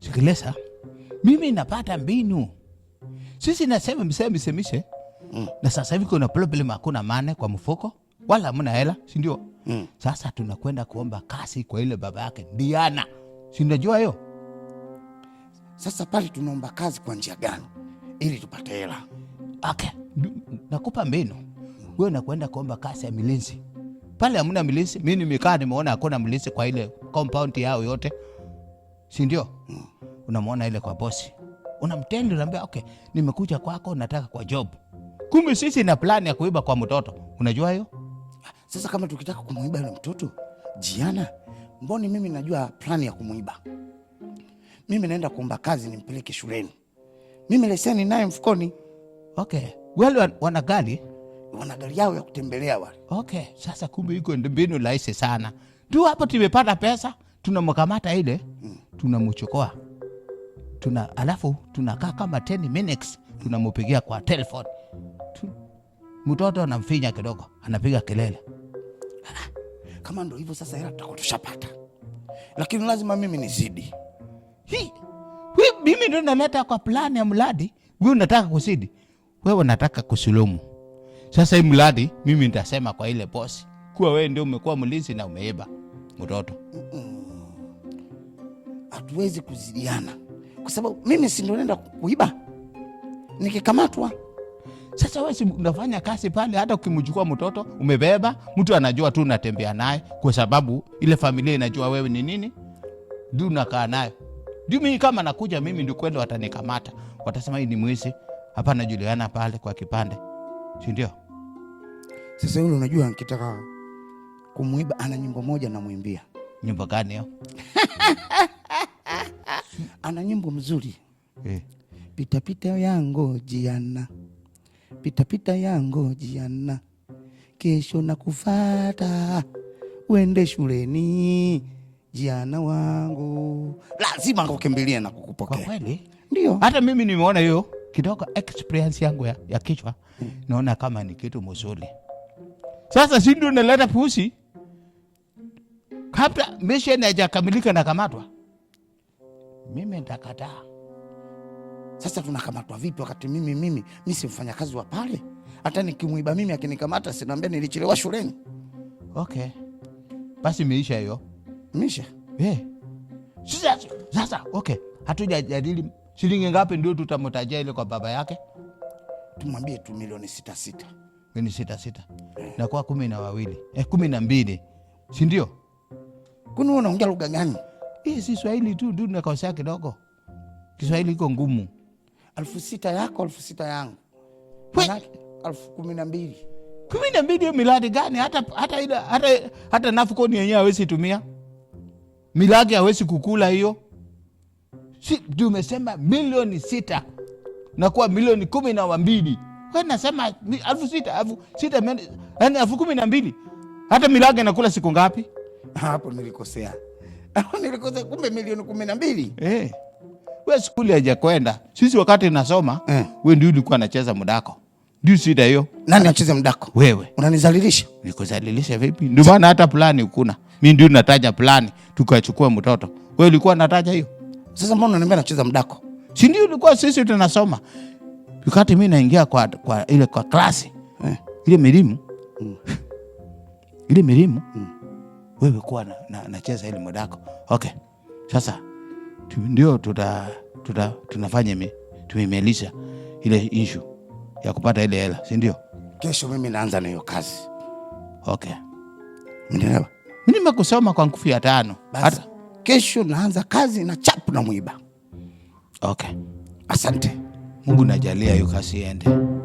Sikilesa, mimi napata mbinu. Sisi nasema msee msemishe mm. na sasa hivi kuna problem, hakuna mane kwa mfuko wala hamna hela, si ndio? mm. Sasa tunakwenda kuomba kasi kwa ile baba yake Diana, si unajua hiyo? Sasa pale tunaomba kazi kwa njia gani ili tupate hela? Okay, nakupa mbinu wewe, nakwenda kuomba kazi ya milinzi pale. Hamna milinzi, mimi nimekaa nimeona hakuna milinzi kwa ile compound yao yote si ndio? Mm. Unamwona ile kwa bosi, unamtendi, unaambia okay, nimekuja kwako, nataka kwa job. Kumbe sisi na plani ya kuiba kwa mtoto, unajua hiyo. Sasa kama tukitaka kumuiba yule mtoto Jiana, mboni mimi najua plani ya kumuiba. Mimi naenda kuomba kazi nimpeleke shuleni, mimi leseni naye mfukoni. Okay, wale wana gari wana gari yao ya kutembelea wale. Okay, sasa kumbe iko ndio mbinu rahisi sana tu. Hapo tumepata pesa, tunamkamata ile mm tunamuchokoa tuna, alafu tunakaa kama 10 minutes tunamupigia kwa telephone tu, mtoto anamfinya kidogo, anapiga kelele ah, kama ndo hivyo sasa, hela tutakuwa tushapata, lakini lazima mimi nizidi hi mimi ndo naleta kwa plani ya mradi. Wewe unataka kusidi wewe unataka kusulumu. Sasa hii mradi mimi nitasema kwa ile bosi kuwa wewe ndio umekuwa mlinzi na umeiba mtoto. mm -mm hatuwezi kuzidiana, kwa sababu mimi si ndo nenda kuiba nikikamatwa. Sasa wewe unafanya kazi pale, hata ukimchukua mtoto umebeba, mtu anajua tu unatembea naye, kwa sababu ile familia inajua wewe ni nini, ndio unakaa naye. Ndio mimi kama nakuja mimi ndio kwenda, watanikamata watasema hii ni mwizi hapa, najuliana pale kwa kipande, si ndio? Sasa yule unajua, nikitaka kumwiba ana nyimbo moja namwimbia. Nyimbo gani hiyo? ana nyimbo mzuri eh. Pitapita yango jiana, pitapita yango jiana, kesho na kufata uende shuleni, jiana wangu lazima kukimbilia na kukupokea. Kweli ndio, hata mimi nimeona hiyo kidogo, experience yangu ya, ya kichwa hmm. Naona kama ni kitu mzuri. Sasa si ndio naleta pusi kabla mission haijakamilika na kamatwa mimi ntakataa. Sasa tunakamatwa vipi wakati mimi mimi mi si mfanyakazi wa pale? Hata nikimwiba mimi akinikamata sinaambia nilichelewa shuleni. Okay, basi imeisha hiyo, imeisha yeah. Sasa okay, hatujajadili shilingi ngapi ndio tutamutajia ile kwa baba yake, tumwambie tu milioni sita sita milioni sita sita na kwa kumi na wawili eh, kumi na mbili si ndio? Kwani unaongea lugha gani? hii si Swahili tu du nakosea kidogo, Kiswahili iko ngumu. Alfu sita yako alfu sita yangu alfu kumi na mbili kumi na mbili hiyo miradi gani? Hata, hata, hata, hata nafukoni yenyewe hawezi tumia milaki hawezi kukula hiyo. Si tumesema milioni sita nakuwa milioni kumi na mbili nasema alfu sita alfu sita yani alfu kumi na mbili hata milaki nakula siku ngapi? Hapo nilikosea. nilikosa kumbe milioni kumi na mbili eh. We skuli hajakwenda, sisi wakati nasoma eh. We ndio ulikuwa anacheza mdako, ndio sida hiyo. Nani anacheza mdako? Wewe unanizalilisha. Nikuzalilisha vipi? Ndio maana hata plani hukuna. Mimi ndio nataja plani tukachukua mtoto, we ulikuwa nataja hiyo. Sasa mbona unaniambia anacheza mdako? Si ndio ulikuwa sisi tunasoma wakati mimi naingia kwa, kwa ile kwa klasi eh. ile milimu mm. ile milimu mm wewe kuwa na, na, na cheza elimu okay. Sasa tu, ndio tuta, tuta, tunafanya tumemelisha ile ishu ya kupata ile hela, si ndio? Kesho mimi naanza na hiyo kazi okay. Mnielewa? Mimi nimekusoma kwa nguvu ya tano. Basi kesho naanza kazi na chapu na mwiba okay. Asante Mungu najalia hiyo kazi iende.